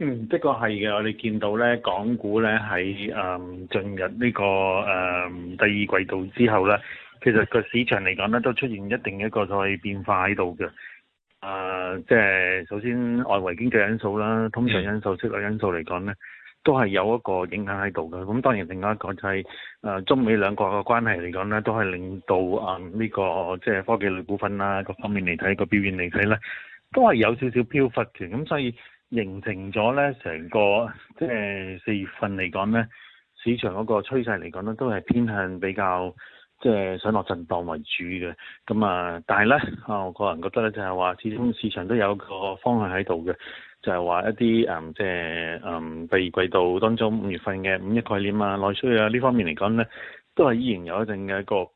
嗯，的確係嘅。我哋見到咧，港股咧喺誒進入呢個誒第二季度之後咧，其實個市場嚟講咧，都出現一定一個所謂變化喺度嘅。誒，即係首先外圍經濟因素啦、通脹因素、息率因素嚟講咧，都係有一個影響喺度嘅。咁當然另外一個就係誒中美兩國嘅關係嚟講咧，都係令到誒呢個即係科技類股份啦，各方面嚟睇個表現嚟睇咧，都係有少少飄忽嘅。咁所以，形成咗咧，成個即係四月份嚟講咧，市場嗰個趨勢嚟講咧，都係偏向比較即係上落震盪為主嘅。咁啊，但係咧，啊，我個人覺得咧，就係話，始終市場都有個方向喺度嘅，就係話一啲嗯，即係嗯，第二季度當中五月份嘅五一概念啊、內需啊呢方面嚟講咧，都係依然有一定嘅一個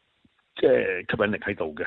即係吸引力喺度嘅。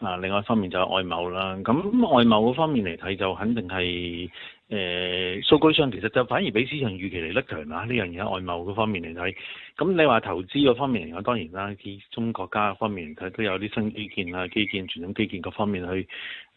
啊，另外一方面就係外貿啦，咁外貿嗰方面嚟睇就肯定係，誒數據上其實就反而比市場預期嚟得強啦，呢樣嘢喺外貿嗰方面嚟睇，咁你話投資嗰方面嚟講當然啦，中國國家方面佢都有啲新基建啦、基建、傳統基建各方面去誒、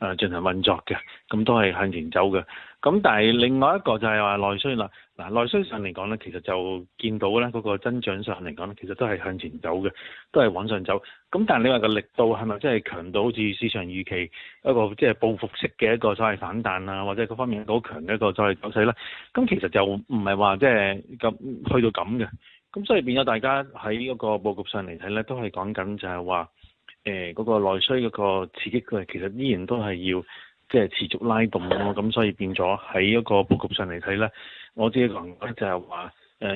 啊、進行運作嘅，咁都係向前走嘅。咁但係另外一個就係話內需啦，嗱內需上嚟講咧，其實就見到咧嗰個增長上嚟講咧，其實都係向前走嘅，都係往上走。咁但係你話個力度係咪真係強到好似市場預期一個即係報復式嘅一個所謂反彈啊，或者各方面好強嘅一個所謂走勢咧？咁其實就唔係話即係咁去到咁嘅。咁所以變咗大家喺呢個佈局上嚟睇咧，都係講緊就係話嗰個內需嗰個刺激，佢其實依然都係要。即係持續拉動咯，咁所以變咗喺一個佈局上嚟睇咧，我自己講咧就係話，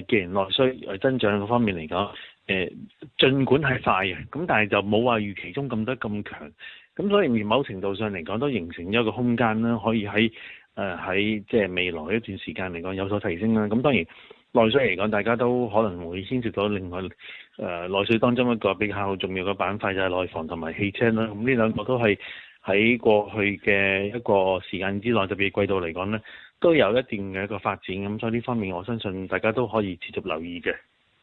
既然內需增長方面嚟講，誒、欸、儘管係快嘅，咁但係就冇話預期中咁多咁強，咁所以而某程度上嚟講都形成咗個空間啦，可以喺喺即係未來一段時間嚟講有所提升啦。咁當然內需嚟講，大家都可能會牽涉到另外誒、呃、內需當中一個比較重要嘅板塊就係、是、內房同埋汽車啦。咁呢兩個都係。喺過去嘅一個時間之內，特別係季度嚟講咧，都有一定嘅一個發展，咁所以呢方面我相信大家都可以持續留意嘅。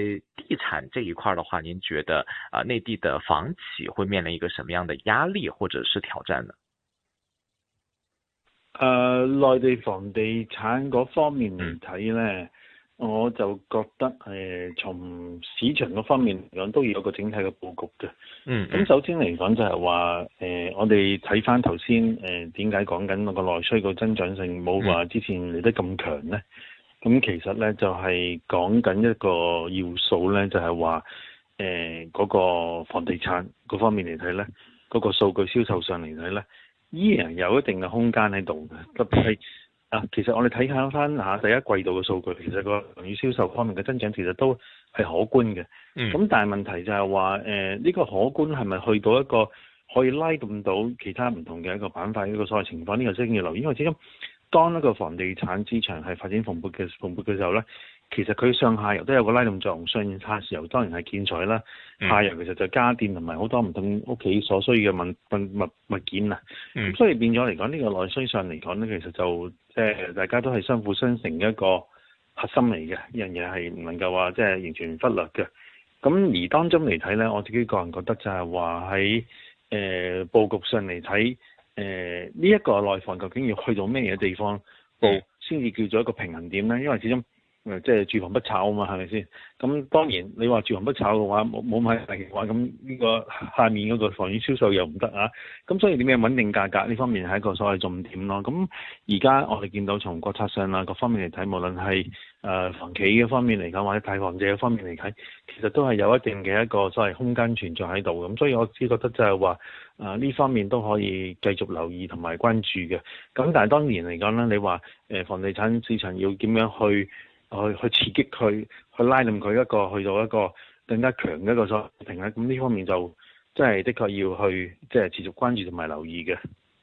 誒，地產這一塊的話，您覺得啊，呃、內地的房企會面臨一個什麼樣的壓力或者是挑戰呢？誒、呃，內地房地產嗰方面嚟睇呢，嗯、我就覺得誒，從、呃、市場嗰方面嚟講，都要有個整體嘅布局嘅。嗯。咁首先嚟講就係話，誒，我哋睇翻頭先誒，點解講緊個內需個增長性冇話之前嚟得咁強呢？咁其實咧就係、是、講緊一個要素咧，就係話誒嗰個房地產嗰方面嚟睇咧，嗰、那個數據銷售上嚟睇咧，依、yeah, 然有一定嘅空間喺度嘅。特別係啊，其實我哋睇下翻吓第一季度嘅數據，其實個月銷售方面嘅增長其實都係可觀嘅。嗯。咁但係問題就係話誒呢個可觀係咪去到一個可以拉動到其他唔同嘅一個板塊呢個所謂情況？呢、這個真要留意，因為始當一個房地產市場係發展蓬勃嘅蓬勃嘅時候咧，其實佢上下游都有個拉動作用。相應差嘅時候，當然係建材啦，嗯、下游其實就家電還有很同埋好多唔同屋企所需嘅物物物，物件啊。咁、嗯、所以變咗嚟講，呢、這個內需上嚟講咧，其實就即係、呃、大家都係相輔相成嘅一個核心嚟嘅，呢樣嘢係唔能夠話即係完全忽略嘅。咁而當中嚟睇咧，我自己個人覺得就係話喺誒佈局上嚟睇。誒呢一個內房究竟要去到咩嘢地方報，先至、哦呃、叫做一個平衡點咧？因為始終。即係住房不炒啊嘛，係咪先？咁當然你話住房不炒嘅話，冇冇買嘅話，咁呢個下面嗰個房源銷售又唔得啊！咁所以點樣穩定價格呢方面係一個所謂的重點咯。咁而家我哋見到從國策上啊，各方面嚟睇，無論係誒房企嘅方面嚟睇，或者睇房者嘅方面嚟睇，其實都係有一定嘅一個所謂空間存在喺度。咁所以我只覺得就係話誒呢方面都可以繼續留意同埋關注嘅。咁但係當然嚟講咧，你話誒房地產市場要點樣去去去刺激佢，去拉令佢一個，去到一個更加強嘅一個水平咧，咁呢方面就真係的確要去即係持續關注同埋留意嘅。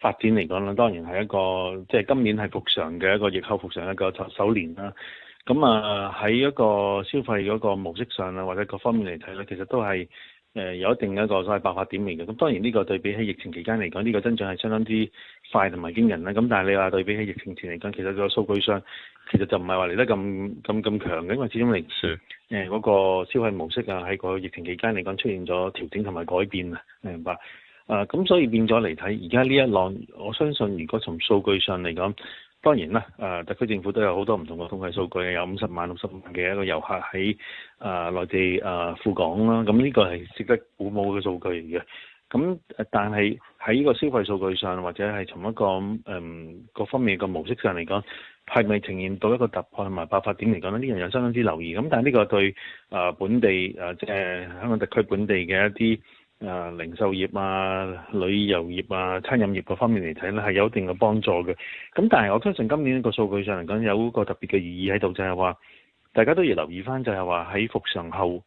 發展嚟講啦，當然係一個即係今年係復常嘅一個疫後復常一個首年啦。咁啊喺一個消費嗰個模式上啊，或者各方面嚟睇咧，其實都係誒有一定嘅一個所謂爆發點嚟嘅。咁當然呢個對比起疫情期間嚟講，呢、呢個增長係相當之快同埋驚人啦。咁、嗯、但係你話對比起疫情前嚟講，其實個數據上其實就唔係話嚟得咁咁咁強嘅，因為始終嚟誒嗰個消費模式啊，喺個疫情期間嚟講出現咗調整同埋改變啊，明白。啊，咁、呃、所以變咗嚟睇，而家呢一浪，我相信如果從數據上嚟講，當然啦，啊、呃，特區政府都有好多唔同嘅統計數據，有五十萬、六十萬嘅一個遊客喺啊、呃、內地啊、呃、赴港啦，咁呢個係值得鼓舞嘅數據嚟嘅。咁、呃、但係喺呢個消費數據上，或者係從一個誒、呃、各方面嘅模式上嚟講，係咪呈現到一個突破同埋爆發點嚟講呢？呢樣有相當之留意，咁但係呢個對啊、呃、本地啊、呃、即係香港特區本地嘅一啲。誒、呃、零售業啊、旅遊業啊、餐飲業嗰方面嚟睇呢，係有一定嘅幫助嘅。咁但係我相信今年個數據上嚟講，有個特別嘅意義喺度，就係、是、話，大家都要留意返，就係話喺復常後，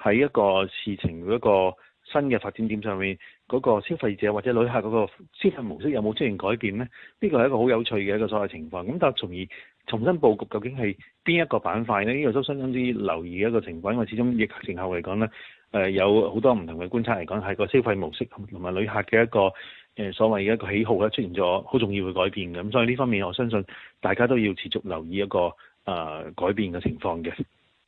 喺一個事情一個新嘅發展點上面，嗰、那個消費者或者旅客嗰個消費模式有冇出現改變呢？呢個係一個好有趣嘅一個所謂情況。咁但係從而重新佈局，究竟係邊一個板塊呢？呢個都相當之留意嘅一個情況。因為始終疫情後嚟講呢。誒、呃、有好多唔同嘅觀察嚟講，係個消費模式同埋旅客嘅一個誒、呃、所謂嘅一個喜好咧，出現咗好重要嘅改變嘅，咁所以呢方面，我相信大家都要持續留意一個誒、呃、改變嘅情況嘅。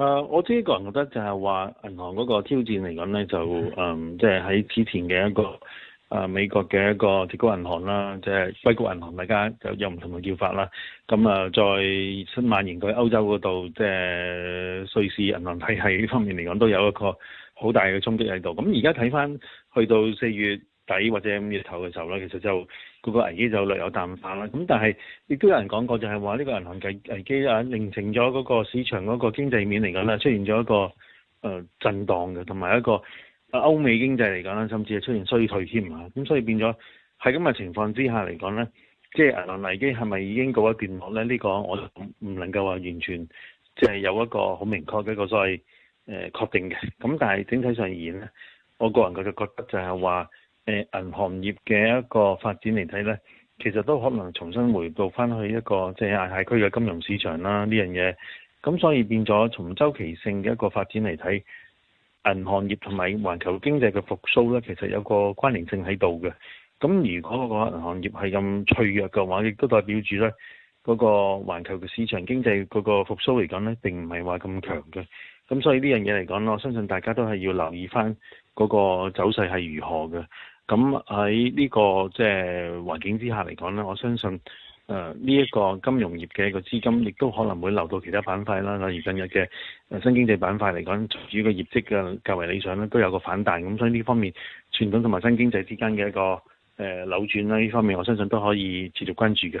誒，uh, 我自己個人覺得就係話銀行嗰個挑戰嚟講咧，就誒，即係喺此前嘅一個誒、啊、美國嘅一個最高銀行啦，即係硅谷銀行，就是、銀行大家就有有唔同嘅叫法啦。咁啊，在新蔓延去歐洲嗰度，即、就、係、是、瑞士銀行體系方面嚟講，都有一個好大嘅衝擊喺度。咁而家睇翻去到四月底或者五月頭嘅時候啦，其實就、個危機就略有淡化啦。咁但係亦都有人講過，就係話呢個銀行危危機啊，形成咗嗰個市場嗰個經濟面嚟講咧，出現咗一個誒、呃、震盪嘅，同埋一個歐美經濟嚟講咧，甚至係出現衰退添啊。咁所以變咗喺咁嘅情況之下嚟講咧，即係銀行危機係咪已經告一段落咧？呢、呢個我就唔能夠話完全即係有一個好明確嘅一個所謂誒確定嘅。咁但係整體上而言咧，我個人嘅覺得就係話。誒、呃、銀行業嘅一個發展嚟睇呢，其實都可能重新回到翻去一個即係亞太區嘅金融市場啦。呢樣嘢咁，所以變咗從周期性嘅一個發展嚟睇，銀行業同埋環球經濟嘅復甦呢，其實有個關聯性喺度嘅。咁如果個銀行業係咁脆弱嘅話，亦都代表住呢嗰、那個環球嘅市場經濟嗰個復甦嚟講呢，並唔係話咁強嘅。咁所以呢樣嘢嚟講咧，我相信大家都係要留意翻嗰個走勢係如何嘅。咁喺呢個即係、就是、環境之下嚟講呢，我相信誒呢一個金融業嘅一個資金，亦都可能會流到其他板塊啦。例如近日嘅新經濟板塊嚟講，主要個業績嘅較為理想呢，都有個反彈。咁所以呢方面，傳統同埋新經濟之間嘅一個誒、呃、扭轉啦、啊，呢方面我相信都可以持續關注嘅。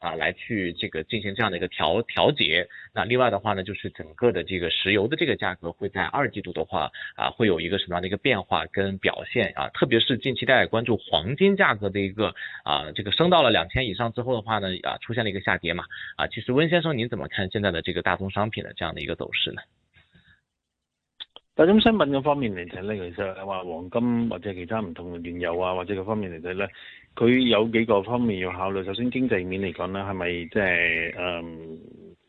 啊，來去這個進行這樣的一個調調節。那另外的話呢，就是整個的這個石油的這個價格會在二季度的話啊，會有一個什麼樣的一個變化跟表現啊？特別是近期大家關注黃金價格的一個啊，這個升到了兩千以上之後的話呢啊，出現了一個下跌嘛啊。其實温先生，您怎麼看現在的這個大宗商品的這樣的一個走勢呢？大宗商品的方面嚟睇咧，其實你話黃金或者其他唔同的原油啊，或者呢個方面嚟睇呢。佢有幾個方面要考慮，首先經濟面嚟講咧，係咪即係誒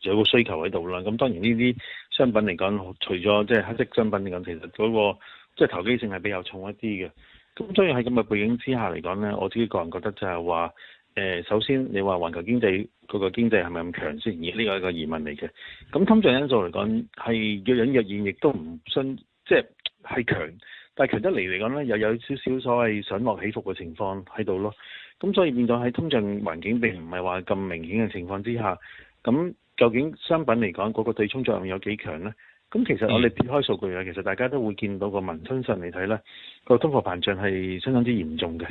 有個需求喺度啦？咁當然呢啲商品嚟講，除咗即係黑色商品嚟講，其實嗰、嗰個即係、就是、投機性係比較重一啲嘅。咁所以喺咁嘅背景之下嚟講咧，我自己個人覺得就係話、呃、首先你話環球經濟佢、嗰個經濟係咪咁強先？而呢個係一個疑問嚟嘅。咁通脹因素嚟講，係若隱若現，亦都唔信即係係強。但係強得嚟嚟講咧，又有少少所謂上落起伏嘅情況喺度咯。咁所以變咗喺通脹環境並唔係話咁明顯嘅情況之下，咁究竟商品嚟講嗰個對沖作用有幾強咧？咁其實我哋撇開數據啦，其實大家都會見到個民生上嚟睇咧，個通貨膨脹係相當之嚴重嘅。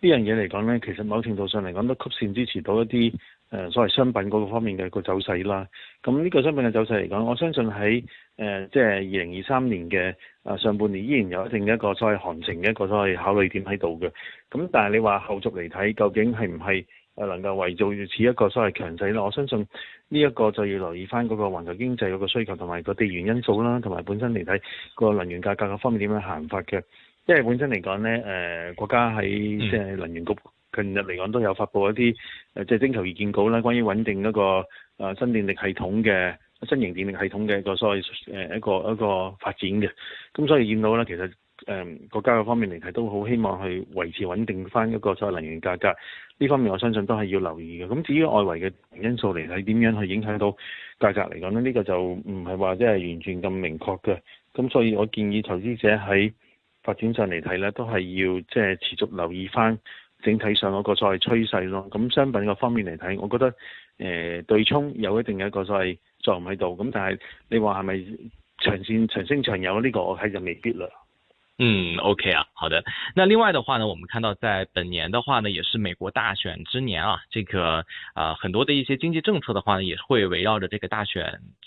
樣呢樣嘢嚟講咧，其實某程度上嚟講都曲線支持到一啲。誒所謂商品嗰個方面嘅個走勢啦，咁呢個商品嘅走勢嚟講，我相信喺誒即係二零二三年嘅上半年依然有一定一個所謂行情嘅一個所謂考慮點喺度嘅。咁但係你話後續嚟睇，究竟係唔係能夠維續如此一個所謂強勢咧？我相信呢一個就要留意翻嗰個環球經濟嗰個需求同埋個地緣因素啦，同埋本身嚟睇個能源價格嘅方面點樣行法嘅。因為本身嚟講咧，誒、呃、國家喺即係能源局。嗯近日嚟講都有發佈一啲誒，即係徵求意見稿啦，關於穩定嗰個新電力系統嘅新型電力系統嘅一個所謂誒一個一個發展嘅。咁所以見到咧，其實誒、嗯、國家方面嚟睇都好希望去維持穩定翻一個所謂能源價格呢方面，我相信都係要留意嘅。咁至於外圍嘅因素嚟睇，點樣去影響到價格嚟講呢？呢、呢個就唔係話即係完全咁明確嘅。咁所以我建議投資者喺發展上嚟睇咧，都係要即係持續留意翻。整體上嗰個所謂趨勢咯，咁商品嘅方面嚟睇，我覺得誒、呃、對沖有一定嘅一個所謂作用喺度，咁但係你話係咪長線長升長有呢？這個，我睇就未必啦。嗯，OK 啊，好的。那另外的話呢，我們看到在本年的話呢，也是美國大選之年啊，這個啊、呃、很多的一些經濟政策的話呢，也會圍繞着這個大選。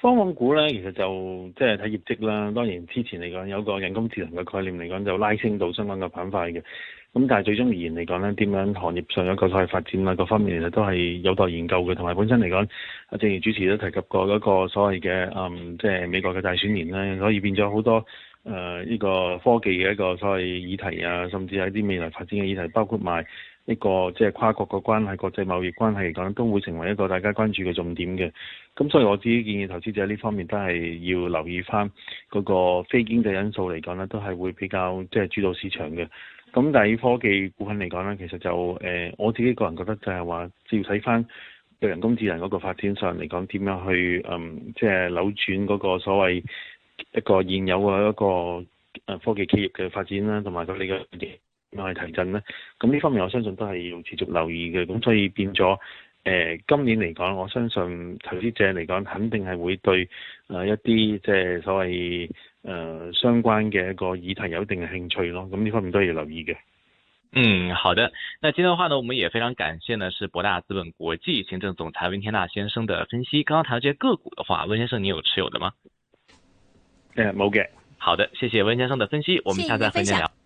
科網股咧，其實就即係睇業績啦。當然之前嚟講有個人工智能嘅概念嚟講，就拉升到相關嘅板塊嘅。咁但係最終而言嚟講咧，點樣行業上有個所謂發展啊各方面，其實都係有待研究嘅。同埋本身嚟講，阿正如主持都提及過嗰個所謂嘅嗯，即係美國嘅大選年咧，所以變咗好多誒呢、呃，呢個科技嘅一個所謂議題啊，甚至係啲未來發展嘅議題，包括埋，一個即係跨國嘅關係、國際貿易關係嚟講，都會成為一個大家關注嘅重點嘅。咁所以我自己建議投資者呢方面都係要留意翻嗰個非經濟因素嚟講呢，都係會比較即係主導市場嘅。咁但係科技股份嚟講呢，其實就誒、呃、我自己個人覺得就係話，照睇翻對人工智能嗰個發展上嚟講，點樣去嗯即係、就是、扭轉嗰個所謂一個現有嘅一個科技企業嘅發展啦，同埋佢哋嘅。咪係提振咧，咁呢方面我相信都係要持續留意嘅，咁所以變咗誒、呃、今年嚟講，我相信投資者嚟講肯定係會對誒、呃、一啲即係所謂誒相關嘅一個議題有一定嘅興趣咯，咁呢方面都係要留意嘅。嗯，好的。那今日嘅話呢，我們也非常感謝呢，是博大資本國際行政總裁溫天納先生的分析。剛剛談到啲個股的話，溫先生你有持有的嗎？誒冇嘅。的好的，謝謝溫先生的分析。我們下次再分，分享。